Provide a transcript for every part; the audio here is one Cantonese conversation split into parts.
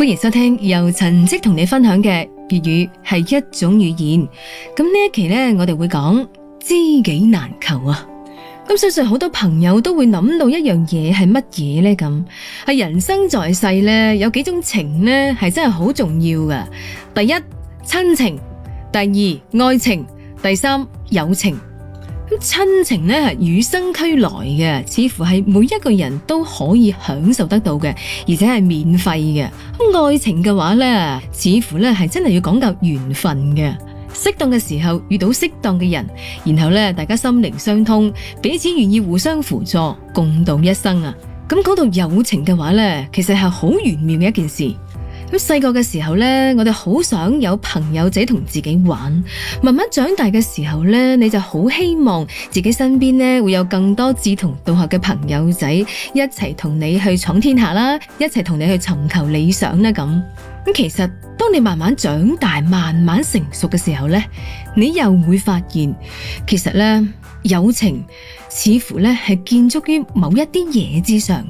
歡迎收聽，由陳織同你分享嘅粵語係一種語言。咁呢一期咧，我哋會講知己難求啊。咁相信好多朋友都會諗到一樣嘢係乜嘢咧？咁係人生在世咧，有幾種情咧係真係好重要噶。第一親情，第二愛情，第三友情。咁親情咧係與生俱來嘅，似乎係每一個人都可以享受得到嘅，而且係免費嘅。愛情嘅話呢，似乎咧真係要講究緣分嘅，適當嘅時候遇到適當嘅人，然後咧大家心靈相通，彼此願意互相輔助，共度一生啊！咁講到友情嘅話呢，其實係好玄妙嘅一件事。咁細個嘅時候咧，我哋好想有朋友仔同自己玩。慢慢長大嘅時候咧，你就好希望自己身邊咧會有更多志同道合嘅朋友仔一起，一齊同你去闖天下啦，一齊同你去尋求理想咧咁。其實當你慢慢長大、慢慢成熟嘅時候咧，你又會發現，其實咧友情似乎咧係建築於某一啲嘢之上，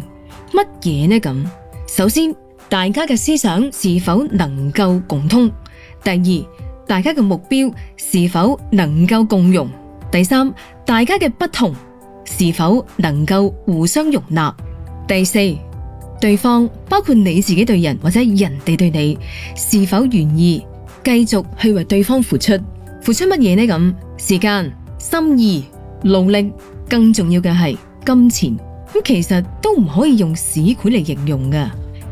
乜嘢咧咁？首先，大家嘅思想是否能夠共通？第二，大家嘅目標是否能夠共融？第三，大家嘅不同是否能夠互相容納？第四，對方，包括你自己對人或者人哋對你，是否願意繼續去為對方付出？付出乜嘢呢？咁時間、心意、努力，更重要嘅係金錢。咁其實都唔可以用市儈嚟形容嘅。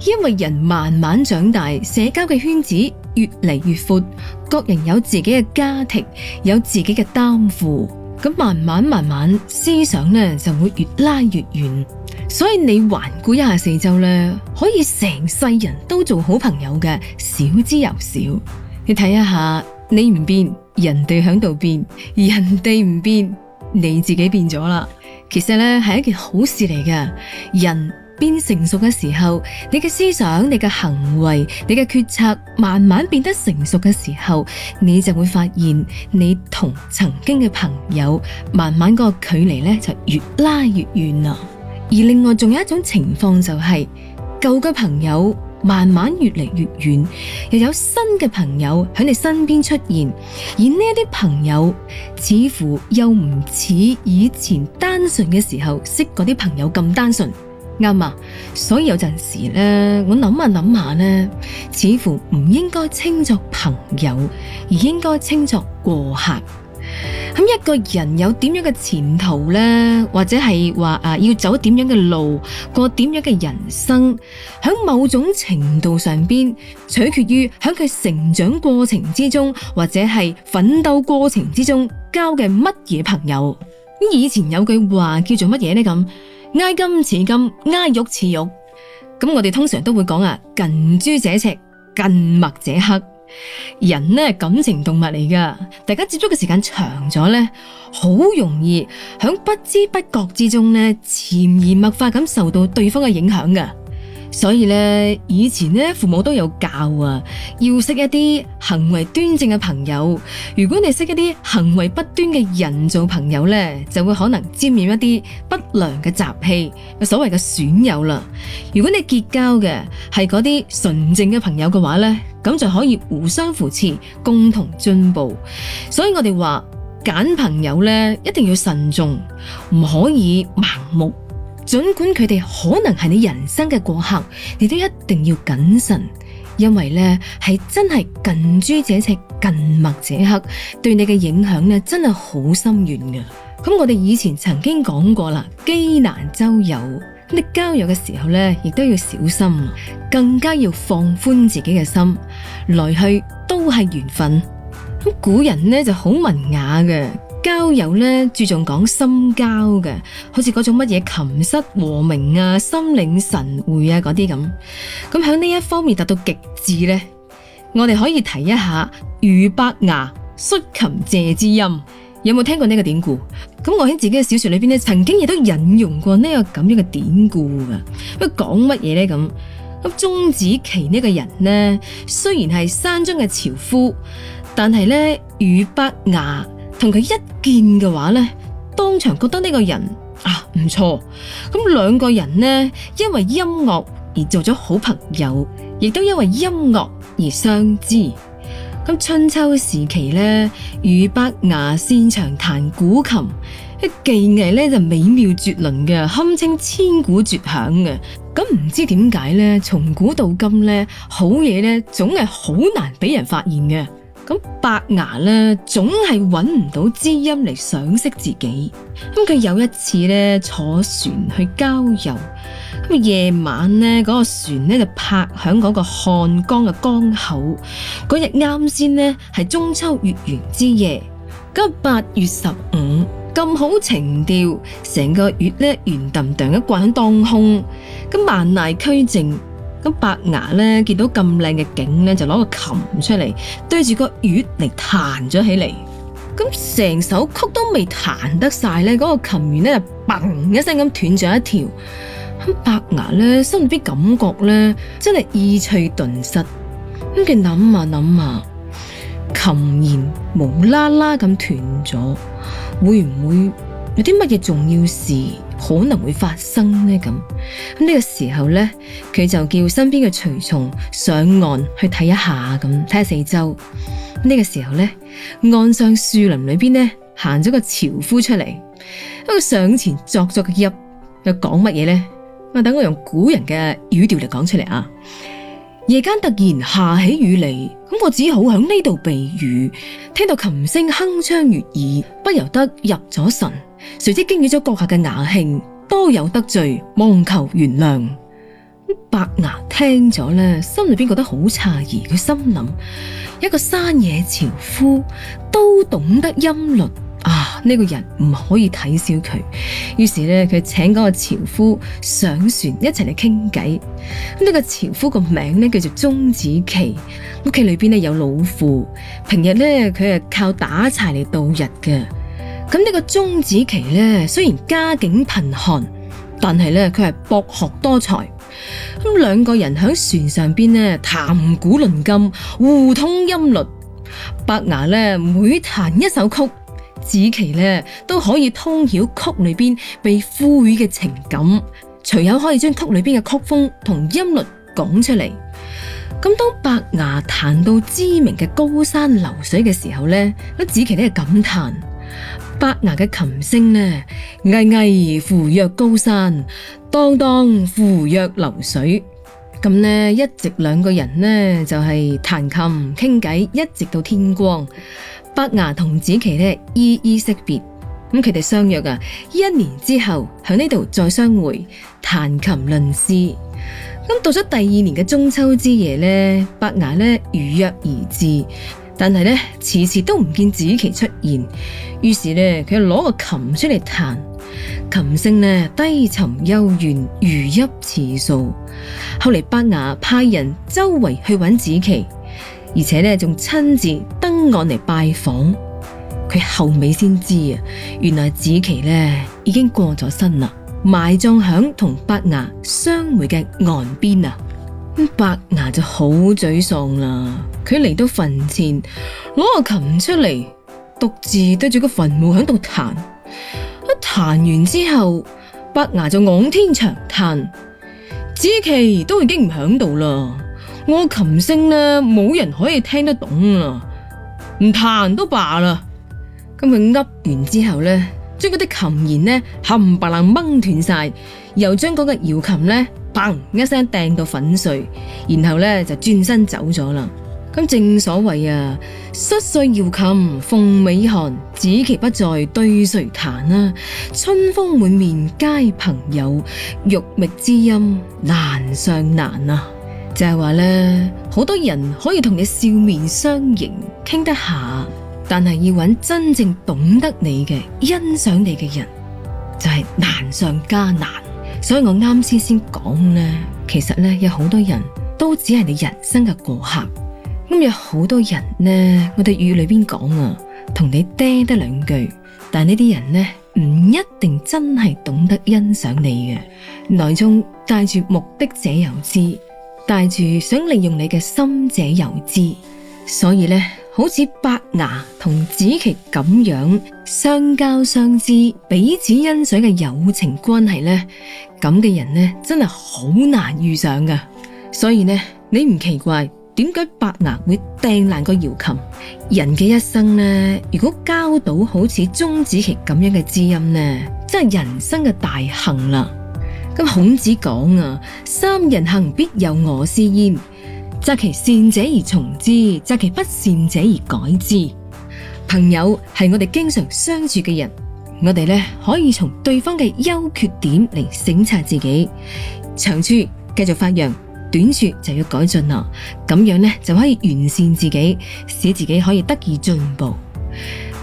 因為人慢慢長大，社交嘅圈子越嚟越闊，各人有自己嘅家庭，有自己嘅擔負，咁慢慢慢慢，思想呢就會越拉越遠。所以你環顧一下四周呢，可以成世人都做好朋友嘅，少之又少。你睇一下，你唔變，人哋喺度變，人哋唔變，你自己變咗啦。其實呢，係一件好事嚟嘅，人。變成熟嘅時候，你嘅思想、你嘅行為、你嘅決策，慢慢變得成熟嘅時候，你就會發現你同曾經嘅朋友，慢慢的個距離呢就越拉越遠啦。而另外仲有一種情況就係、是，舊嘅朋友慢慢越嚟越遠，又有新嘅朋友喺你身邊出現，而呢一啲朋友似乎又唔似以前單純嘅時候識嗰啲朋友咁單純。啱啊，所以有陣時咧，我諗下諗下咧，似乎唔應該稱作朋友，而應該稱作過客。咁一個人有點樣嘅前途咧，或者係話啊，要走點樣嘅路，過點樣嘅人生，響某種程度上邊，取決於響佢成長過程之中，或者係奮鬥過程之中交嘅乜嘢朋友。咁以前有句話叫做乜嘢咧咁？挨金似金，挨玉似玉。咁我哋通常都會講啊，近朱者赤，近墨者黑。人咧係感情動物嚟㗎，大家接觸嘅時間長咗咧，好容易喺不知不覺之中咧，潛移默化咁受到對方嘅影響㗎。所以呢，以前呢，父母都有教啊，要識一啲行為端正嘅朋友。如果你識一啲行為不端嘅人做朋友呢，就會可能沾染一啲不良嘅習氣，所謂嘅損友啦。如果你結交嘅係嗰啲純正嘅朋友嘅話呢，咁就可以互相扶持，共同進步。所以我哋話揀朋友呢，一定要慎重，唔可以盲目。盡管佢哋可能係你人生嘅過客，你都一定要謹慎，因為呢係真係近朱者赤，近墨者黑，對你嘅影響咧真係好深遠嘅。咁我哋以前曾經講過啦，知己難求，你交友嘅時候呢亦都要小心，更加要放寬自己嘅心，來去都係緣分。咁古人呢就好文雅嘅。交友呢，注重講深交嘅，好似嗰種乜嘢琴瑟和鳴啊、心領神會啊嗰啲咁。咁喺呢一方面達到極致呢，我哋可以提一下俞伯牙摔琴謝知音。有冇聽過呢個典故？咁我喺自己嘅小說裏邊曾經亦都引用過呢個咁樣嘅典故噶。乜講乜嘢呢？咁？咁鍾子期呢個人呢，雖然係山中嘅樵夫，但係呢「俞伯牙。同佢一見嘅話咧，當場覺得呢個人啊唔錯，咁兩個人呢，因為音樂而做咗好朋友，亦都因為音樂而相知。咁春秋時期呢，俞伯牙擅長彈古琴，啲技藝呢就美妙絕倫嘅，堪稱千古絕響嘅。咁唔知點解呢，從古到今呢，好嘢，呢，總係好難俾人發現嘅。咁伯牙咧，總係搵唔到知音嚟賞識自己。咁佢有一次呢，坐船去郊遊，咁夜晚呢，嗰、嗰個船咧就泊響嗰個漢江嘅江口。嗰日啱先咧係中秋月圓之夜，即八月十五，咁好情調，成個月呢，圓凼凼一掛響當空，咁萬籟俱靜。咁白牙咧見到咁靚嘅景咧，就攞個琴出嚟，對住個月嚟彈咗起嚟。咁成首曲都未彈得晒咧，嗰個琴弦咧就嘣一聲咁斷咗一條。咁白牙咧心入邊感覺咧真係意趣頓失。咁佢諗啊諗啊，琴弦無啦啦咁斷咗，會唔會？有啲乜嘢重要事可能會發生呢？咁咁呢個時候咧，佢就叫身邊嘅隨從上岸去睇一下咁，睇下四周。呢個時候咧，岸上樹林裏邊咧，行咗個樵夫出嚟，一個上前作作嘅揖，又講乜嘢咧？我等我用古人嘅語調嚟講出嚟啊！夜間突然下起雨嚟，咁我只好響呢度避雨。聽到琴聲鏗鏘悅耳，不由得入咗神。隨即驚擾咗閣下嘅雅興，多有得罪，望求原諒。伯牙聽咗咧，心裏邊覺得好詫異，佢心諗：一個山野樵夫都懂得音律。啊！呢、這個人唔可以睇小佢於是呢，佢請嗰個樵夫上船一齊嚟傾偈。咁、這個、呢個樵夫個名咧叫做鍾子期，屋企裏邊咧有老父，平日呢，佢係靠打柴嚟度日嘅。咁、嗯、呢、這個鍾子期呢，雖然家境貧寒，但係呢，佢係博學多才。咁、嗯、兩個人喺船上邊咧談古論今，互通音律。伯牙呢，每彈一首曲。子期咧都可以通曉曲裏邊被賦予嘅情感，隨後可以將曲裏邊嘅曲風同音律講出嚟。咁當伯牙彈到知名嘅高山流水嘅時候呢，阿子期咧感嘆：伯牙嘅琴聲咧，巍巍扶若高山，當當扶若流水。咁呢，一直兩個人呢就係、是、彈琴傾偈，一直到天光。伯牙同子期呢依依惜別，咁佢哋相約啊，一年之後喺呢度再相會彈琴論詩。咁到咗第二年嘅中秋之夜呢，伯牙呢，如約而至，但係呢，遲遲都唔見子期出現，於是呢，佢就攞個琴出嚟彈，琴聲呢，低沉幽怨，如泣似訴。後嚟伯牙派人周圍去揾子期，而且呢，仲親自。我嚟拜訪，佢後尾先知啊！原來子期已經過咗身啦，埋葬響同伯牙相會嘅岸邊，伯牙就好沮喪啦。佢嚟到墳前，攞個琴出嚟，獨自對住個墳墓響度彈。一彈完之後，伯牙就仰天長嘆：子期都已經唔響度啦，我的琴聲咧冇人可以聽得懂啦。唔彈都罷啦，咁佢噏完之後呢，將嗰啲琴弦呢冚唪唥掹斷晒，又將嗰個瑤琴呢砰一聲掟到粉碎，然後呢就轉身走咗啦。咁正所謂啊，摔碎瑤琴鳳尾寒，子期不在對誰彈啊，春風滿面皆朋友，欲覓知音難上難啊，就係、是、話呢，好多人可以同你笑面相迎。傾得下，但係要搵真正懂得你嘅、欣賞你嘅人，就係、是、難上加難。所以我啱先先講咧，其實咧有好多人都只係你人生嘅過客。咁、嗯、有好多人咧，我哋粵語裏邊講啊，同你嗲得兩句，但這些呢啲人咧唔一定真係懂得欣賞你嘅。內中帶住目的者有之，帶住想利用你嘅心者有之，所以呢。好似伯牙同子期咁樣相交相知，彼此欣賞嘅友情關係呢，咁嘅人呢，真係好難遇上噶。所以呢，你唔奇怪點解伯牙會掟爛個瑤琴。人嘅一生呢，如果交到好似鍾子期咁樣嘅知音呢，真係人生嘅大幸啦。咁孔子講啊，三人行必有我師焉。擇其善者而從之，擇其不善者而改之。朋友係我哋經常相處嘅人，我哋咧可以從對方嘅優缺點嚟省察自己，長處繼續發揚，短處就要改進啦。咁樣咧就可以完善自己，使自己可以得以進步。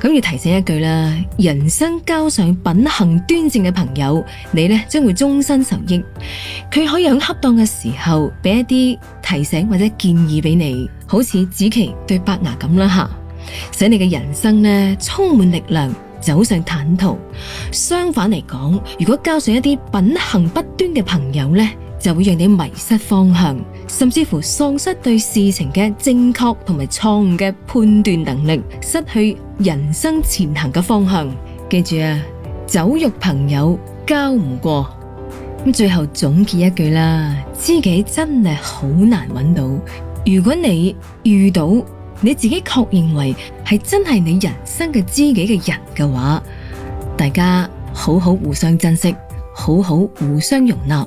咁要提醒一句啦，人生交上品行端正嘅朋友，你呢將會終身受益。佢可以喺恰當嘅時候俾一啲提醒或者建議俾你，好似子期對伯牙咁啦吓，使你嘅人生呢充滿力量，走上坦途。相反嚟講，如果交上一啲品行不端嘅朋友呢，就會讓你迷失方向，甚至乎喪失對事情嘅正確同埋錯誤嘅判斷能力，失去人生前行嘅方向。記住啊，酒肉朋友交唔過。最後總結一句啦，知己真係好難揾到。如果你遇到你自己確認為係真係你人生嘅知己嘅人嘅話，大家好好互相珍惜，好好互相容納。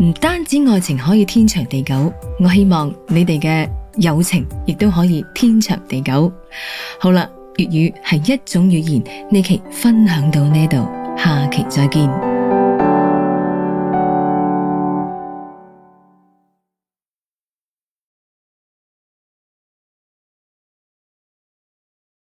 唔單止愛情可以天長地久，我希望你哋嘅友情亦都可以天長地久。好啦，粵語係一種語言，呢期分享到呢度，下期再見。